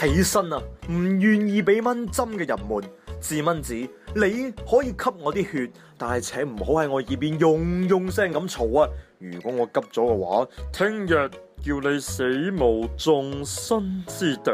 起身啊！唔願意俾蚊針嘅人們，致蚊子，你可以吸我啲血，但係請唔好喺我耳邊嗡嗡聲咁嘈啊！如果我急咗嘅話，聽日叫你死無葬身之地。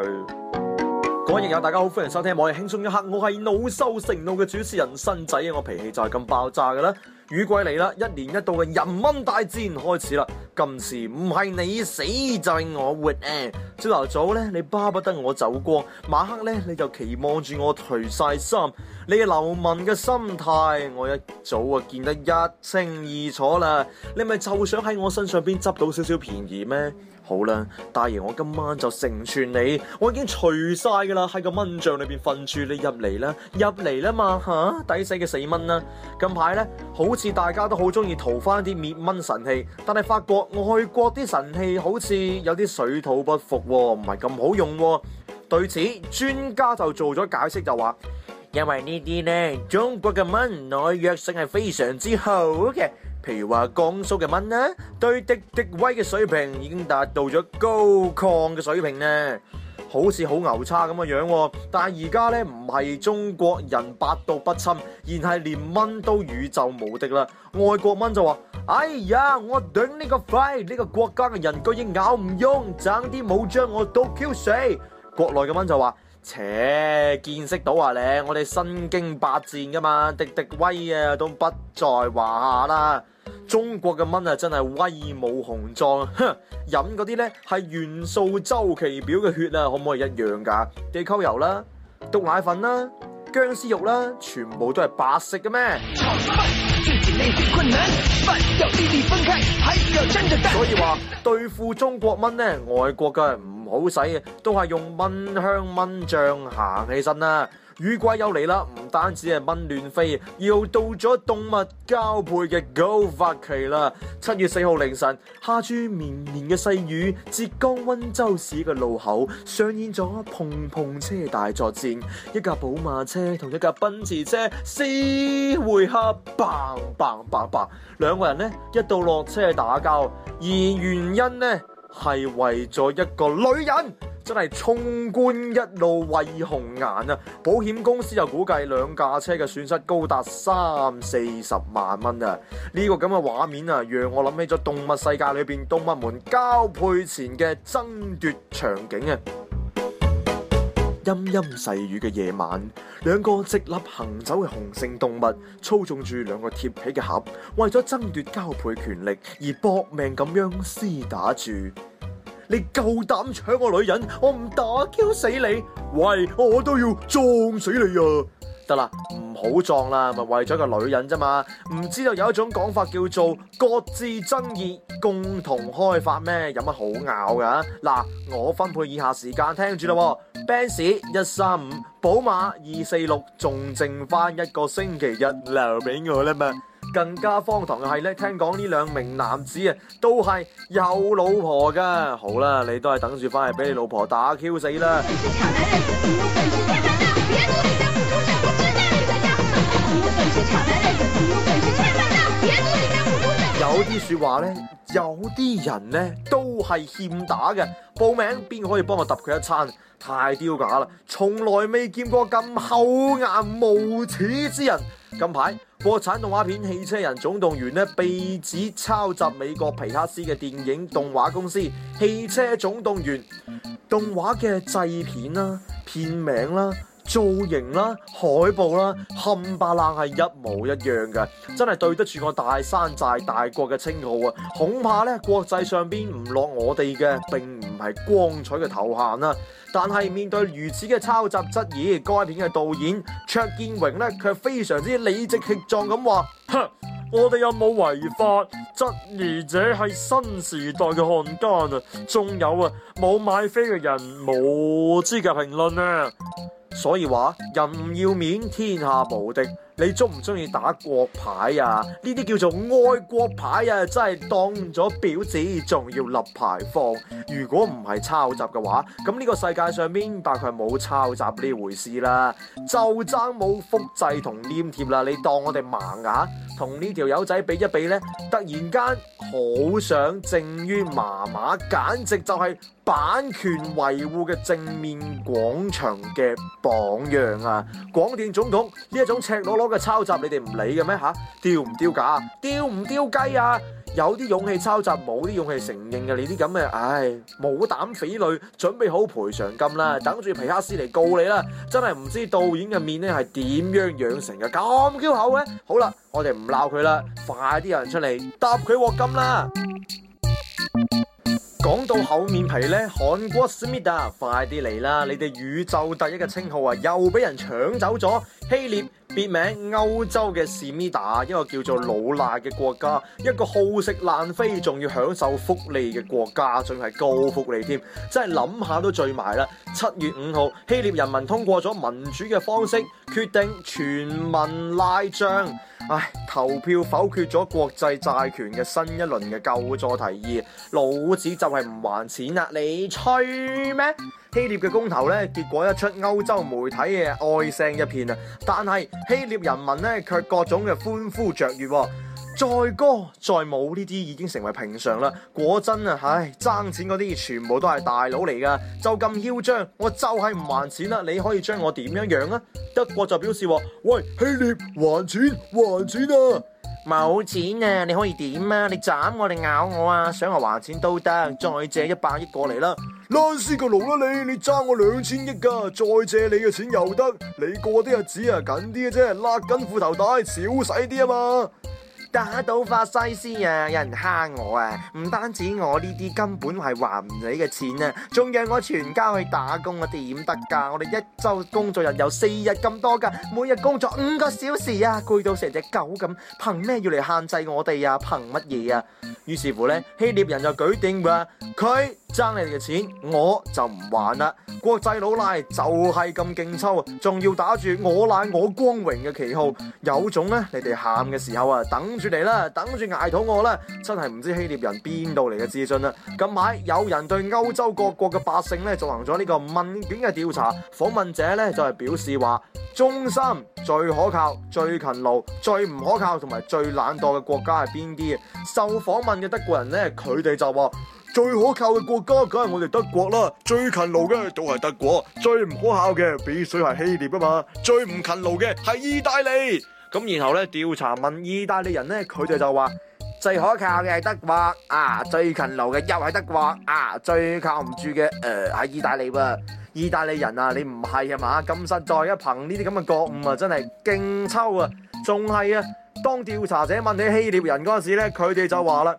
嗯、各位易友大家好，歡迎收聽我《網易輕鬆一刻》，我係惱羞成怒嘅主持人新仔啊！我脾氣就係咁爆炸㗎啦。雨季嚟啦，一年一度嘅人蚊大戰開始啦！今次唔係你死就係、是、我活誒！朝頭早咧，你巴不得我走光；晚黑咧，你就期望住我除晒衫。你嘅流氓嘅心態，我一早就見得一清二楚啦。你咪就想喺我身上邊執到少少便宜咩？好啦，大爺，我今晚就成全你，我已經除晒㗎喇，喺個蚊帳裏邊瞓住你入嚟啦，入嚟啦嘛吓，抵死嘅死蚊啦，啊！近排呢，好似大家都好中意淘翻啲滅蚊神器，但係發覺外國啲神器好似有啲水土不服，哦，唔係咁好用，哦。對此，專家就做咗解釋就，就話因為呢啲呢，中國嘅蚊耐藥性係非常之好嘅。譬如話江蘇嘅蚊呢，對敵敵威嘅水平已經達到咗高亢嘅水平、哦、呢，好似好牛叉咁嘅樣。但係而家呢，唔係中國人百毒不侵，而係連蚊都宇宙無敵啦。外國蚊就話：哎呀，我頂呢個肺，呢、這個國家嘅人居然咬唔喐，爭啲冇將我都 kill 死。國內嘅蚊就話：切，見識到話咧，我哋身經百戰噶嘛，敵敵威啊都不在話下啦。中國嘅蚊啊，真係威武雄壯啊！哼，飲嗰啲咧係元素周期表嘅血啊，可唔可以一樣噶？地溝油啦，毒奶粉啦，僵屍肉啦，全部都係白色嘅咩？所以話對付中國蚊咧，外國嘅唔～唔好使，都係用蚊香蚊帳行起身啦。雨季又嚟啦，唔單止係蚊亂飛，又到咗動物交配嘅高發期啦。七月四號凌晨，下住綿綿嘅細雨，浙江溫州市嘅路口上演咗碰碰車大作戰。一架寶馬車同一架奔馳車四回合，bang bang bang bang 兩個人呢一到落車就打交，而原因呢？係為咗一個女人，真係衝冠一路為紅顏啊！保險公司又估計兩架車嘅損失高達三四十萬蚊啊！呢個咁嘅畫面啊，讓我諗起咗動物世界裏邊動物們交配前嘅爭奪場景啊！陰陰細雨嘅夜晚，兩個直立行走嘅雄性動物操縱住兩個鐵皮嘅盒，為咗爭奪交配權力而搏命咁樣廝打住。你夠膽搶我女人，我唔打鳩死你，喂，我都要撞死你啊！得啦，唔好撞啦，咪、就是、為咗個女人啫嘛，唔知道有一種講法叫做各自爭議，共同開發咩，有乜好拗噶？嗱，我分配以下時間聽住啦，Benz 一三五，寶馬二四六，仲剩翻一個星期日留俾我啦嘛，更加荒唐嘅係呢，聽講呢兩名男子啊，都係有老婆噶，好啦，你都係等住翻去俾你老婆打 Q 死啦。 有啲說話呢，有啲人呢都係欠打嘅。報名邊可以幫我揼佢一餐？太丟架啦！從來未見過咁厚顏無恥之人。近排國產動畫片《汽車人總動員》呢，被指抄襲美國皮克斯嘅電影動畫公司《汽車總動員》動畫嘅製片啦、片名啦。造型啦、啊，海報啦、啊，冚巴冷係一模一樣嘅，真係對得住我大山寨大國嘅稱號啊！恐怕咧，國際上邊唔落我哋嘅，並唔係光彩嘅頭銜啊。但係面對如此嘅抄襲質疑，該片嘅導演卓建榮呢，卻非常之理直氣壯咁話：哼，我哋有冇違法？質疑者係新時代嘅漢奸啊！仲有啊，冇買飛嘅人冇資格評論啊！所以話，人唔要面，天下無敵，你中唔中意打國牌啊？呢啲叫做愛國牌啊，真係當咗婊子仲要立牌坊。如果唔係抄襲嘅話，咁呢個世界上面大概冇抄襲呢回事啦，就差冇複製同黏貼啦。你當我哋盲呀？同呢條友仔比一比呢，突然間好想正於麻麻，簡直就係、是。版權維護嘅正面廣場嘅榜樣啊！廣電總統呢一種赤裸裸嘅抄襲，你哋唔理嘅咩吓？丟唔丟架啊？丟唔丟雞啊？有啲勇氣抄襲，冇啲勇氣承認嘅，你啲咁嘅，唉，冇膽匪類，準備好賠償金啦，等住皮克斯嚟告你啦！真係唔知導演嘅面咧係點樣養成嘅咁厚嘅？好啦，我哋唔鬧佢啦，快啲有人出嚟答佢鑊金啦！講到厚面皮呢，韓國思密達快啲嚟啦！你哋宇宙第一嘅稱號啊，又俾人搶走咗，希臘。別名歐洲嘅斯米達，一個叫做老賴嘅國家，一個好食爛飛仲要享受福利嘅國家，仲係高福利添，真係諗下都醉埋啦！七月五號，希臘人民通過咗民主嘅方式，決定全民賴賬，唉，投票否決咗國際債權嘅新一輪嘅救助提議，老子就係唔還錢啦，你吹咩？希臘嘅公投呢，結果一出，歐洲媒體嘅哀聲一片啊！但係希臘人民呢，卻各種嘅歡呼雀躍，再歌再舞呢啲已經成為平常啦。果真啊，唉，欠錢嗰啲全部都係大佬嚟噶，就咁囂張，我就係唔還錢啦！你可以將我點樣樣啊？德國就表示：喂，希臘還錢還錢啊！冇錢啊？你可以點啊？你斬我定咬我啊？想我還錢都得，再借一百億過嚟啦！拉絲個龍啦你，你爭我兩千億噶，再借你嘅錢又得，你過啲日子啊緊啲嘅啫，勒緊褲頭帶，少使啲啊嘛。打到法西斯啊！有人蝦我啊！唔單止我呢啲，根本係還唔起嘅錢啊！仲讓我全家去打工，我哋點得噶？我哋一周工作日有四日咁多噶，每日工作五個小時啊，攰到成隻狗咁。憑咩要嚟限制我哋啊？憑乜嘢啊？於是乎咧，希臘人就舉定話，佢爭你哋嘅錢，我就唔還啦！國際老賴就係咁勁抽，仲要打住我賴我光榮嘅旗號，有種咧！你哋喊嘅時候啊，等住。嚟啦，等住挨肚餓啦，真係唔知希列人邊度嚟嘅自信啦。近排有人對歐洲各國嘅百姓咧進行咗呢個問卷嘅調查，訪問者咧就係、是、表示話，忠心最可靠、最勤勞、最唔可靠同埋最懶惰嘅國家係邊啲？受訪問嘅德國人咧，佢哋就話最可靠嘅國家梗係我哋德國啦，最勤勞嘅都係德國，最唔可靠嘅必須係希列啊嘛，最唔勤勞嘅係意大利。咁然後咧調查問意大利人咧，佢哋就話最可靠嘅係德國啊，最勤勞嘅又係德國啊，最靠唔住嘅誒係意大利喎。意大利人啊，你唔係啊嘛，咁實在一憑呢啲咁嘅覺悟啊，真係勁抽啊，仲係啊。當調查者問起希臘人嗰陣時咧，佢哋就話啦，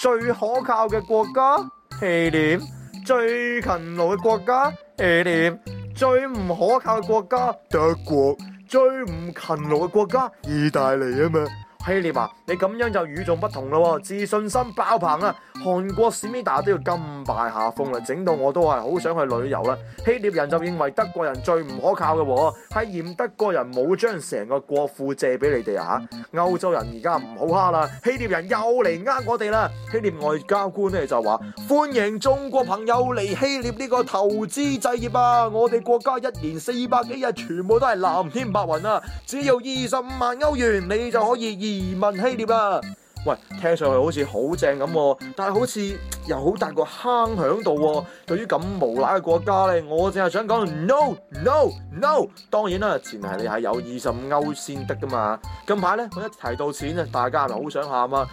最可靠嘅國家希臘，最勤勞嘅國家希臘，最唔可靠嘅國家德國。最唔勤勞嘅國家，意大利啊嘛。希臘啊，你咁樣就與眾不同咯，自信心爆棚啊！韓國史密達都要甘拜下風啦，整到我都係好想去旅遊啦。希臘人就認為德國人最唔可靠嘅，係嫌德國人冇將成個國庫借俾你哋啊吓！歐洲人而家唔好蝦啦，希臘人又嚟呃我哋啦！希臘外交官呢就話歡迎中國朋友嚟希臘呢個投資制業啊！我哋國家一年四百幾日全部都係藍天白雲啊！只要二十五萬歐元，你就可以移民希臘啊，喂，聽上去好似好正咁，但係好似又好大個坑喺度喎。對於咁無賴嘅國家咧，我淨係想講 no no no，當然啦，前提你係有二十五歐先得噶嘛。近排咧，我一提到錢咧，大家係咪好想喊啊？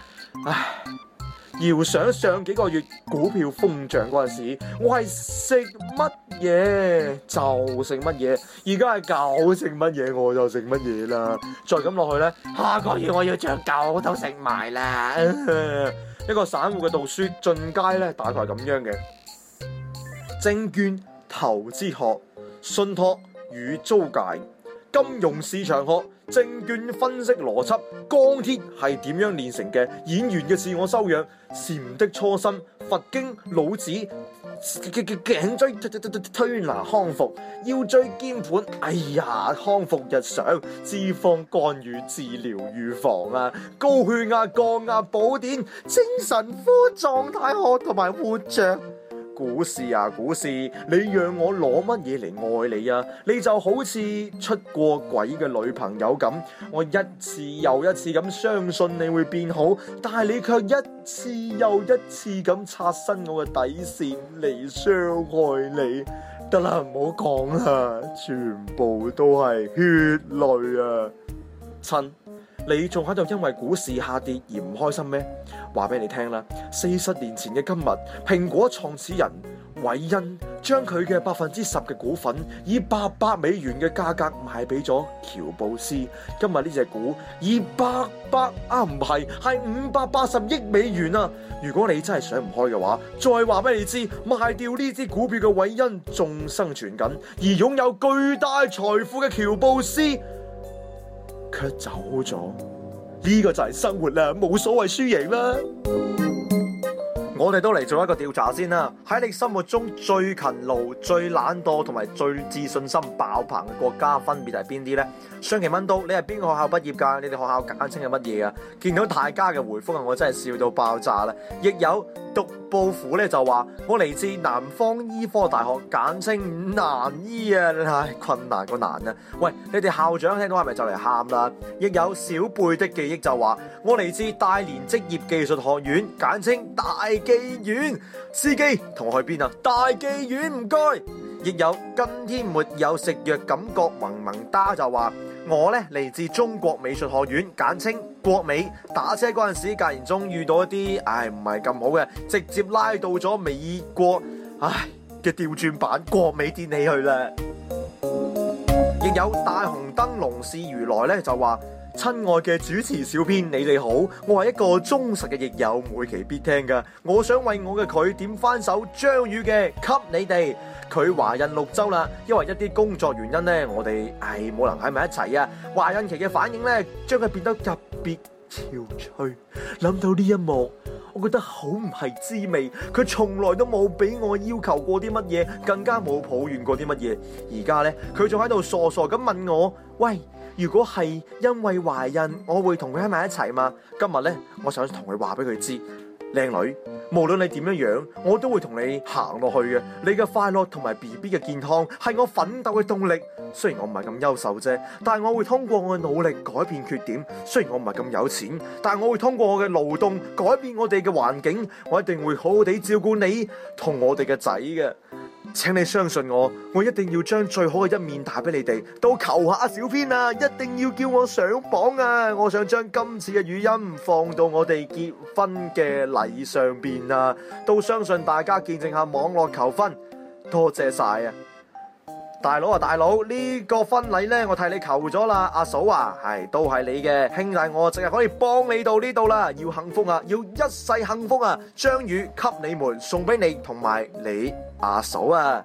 唉。遙想上，上幾個月股票瘋漲嗰陣時，我係食乜嘢就食乜嘢，而家係狗食乜嘢我就食乜嘢啦。再咁落去呢，下個月我要將狗都食埋啦。 一個散戶嘅讀書進階呢，大概係咁樣嘅：證券投資學、信託與租界、金融市場學。證券分析邏輯，鋼鐵係點樣煉成嘅？演員嘅自我修養，禪的初心，佛經，老子，頸椎推拿康復，腰椎間盤，哎呀、呃、康復日常，脂肪肝與治療預防啊，高血壓、啊、降壓補碘，精神科狀態學同埋活着。股市啊，股市，你讓我攞乜嘢嚟愛你啊？你就好似出過軌嘅女朋友咁，我一次又一次咁相信你會變好，但係你卻一次又一次咁刷新我嘅底線嚟傷害你。得啦，唔好講啦，全部都係血淚啊，親。你仲喺度因為股市下跌而唔開心咩？話俾你聽啦，四十年前嘅今日，蘋果創始人韋恩將佢嘅百分之十嘅股份以八百美元嘅價格賣俾咗喬布斯。今日呢隻股以八百啊，唔係，係五百八十億美元啊！如果你真係想唔開嘅話，再話俾你知，賣掉呢支股票嘅韋恩仲生存緊，而擁有巨大財富嘅喬布斯，卻走咗，呢個就係生活啦，冇所謂輸贏啦。我哋都嚟做一個調查先啦，喺你心目中最勤勞、最懶惰同埋最自信心爆棚嘅國家分別係邊啲呢？上期問到你係邊個學校畢業噶？你哋學校簡稱係乜嘢啊？見到大家嘅回覆啊，我真係笑到爆炸啦！亦有。陸府虎咧就話：我嚟自南方醫科大學，簡稱南醫啊！唉，困難個難啊！喂，你哋校長聽到係咪就嚟喊啦？亦有小貝的記憶就話：我嚟自大連職業技術學院，簡稱大妓院。司機同我去邊啊？大妓院唔該。亦有今天沒有食藥，感覺萌萌噠就話。我呢嚟自中國美術學院，簡稱國美。打車嗰陣時，偶然中遇到一啲，唉，唔係咁好嘅，直接拉到咗美國，唉嘅調轉版國美電器去啦。亦有大紅燈籠似如來呢，就話。親愛嘅主持小編，你哋好，我係一個忠實嘅益友，每期必聽噶。我想為我嘅佢點翻首張宇嘅《給你哋》。佢懷孕六周啦，因為一啲工作原因咧，我哋係冇能喺埋一齊啊。懷孕期嘅反應咧，將佢變得特別憔悴。諗到呢一幕，我覺得好唔係滋味。佢從來都冇俾我要求過啲乜嘢，更加冇抱怨過啲乜嘢。而家呢，佢仲喺度傻傻咁問我，喂，如果係因為懷孕，我會同佢喺埋一齊嗎？今日呢，我想同佢話俾佢知。靚女，無論你點樣樣，我都會同你行落去嘅。你嘅快樂同埋 BB 嘅健康係我奮鬥嘅動力。雖然我唔係咁優秀啫，但係我會通過我嘅努力改變缺點。雖然我唔係咁有錢，但係我會通過我嘅勞動改變我哋嘅環境。我一定會好好地照顧你同我哋嘅仔嘅。請你相信我，我一定要將最好嘅一面帶俾你哋。都求下阿小編啦、啊，一定要叫我上榜啊！我想將今次嘅語音放到我哋結婚嘅禮上邊啊！都相信大家見證下網絡求婚，多謝晒啊，啊！大佬啊，大佬呢個婚禮呢，我替你求咗啦。阿嫂啊，係都係你嘅兄弟，我淨係可以幫你到呢度啦。要幸福啊，要一世幸福啊！將雨，給你們送俾你同埋你。阿嫂啊，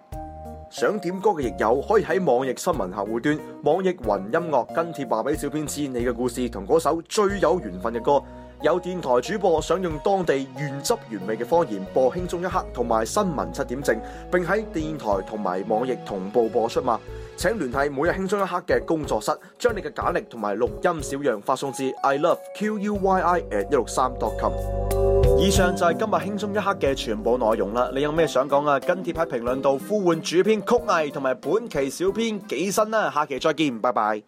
想點歌嘅易友，可以喺網易新聞客戶端、網易雲音樂跟帖話俾小編知你嘅故事同嗰首最有緣分嘅歌。有電台主播想用當地原汁原味嘅方言播《輕鬆一刻》同埋《新聞七點正》，並喺電台同埋網易同步播出嘛？請聯繫每日《輕鬆一刻》嘅工作室，將你嘅簡歷同埋錄音小樣發送至 i love q u y i at 163.com。16以上就係今日輕鬆一刻嘅全部內容啦！你有咩想講啊？跟貼喺評論度呼喚主編曲藝同埋本期小編紀新啦，啊！下期再見，拜拜。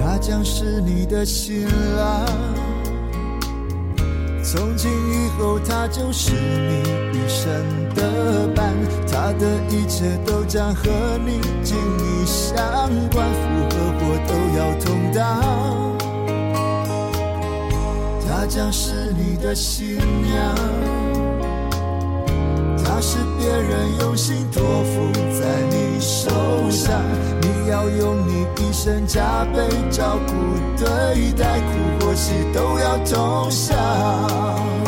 他將是你的新。她就是你一生的伴，她的一切都將和你緊密相關，福和禍都要同當。她將是你的新娘，她是別人用心託付在你手上，你要用你一生加倍照顧對待，苦或喜都要同享。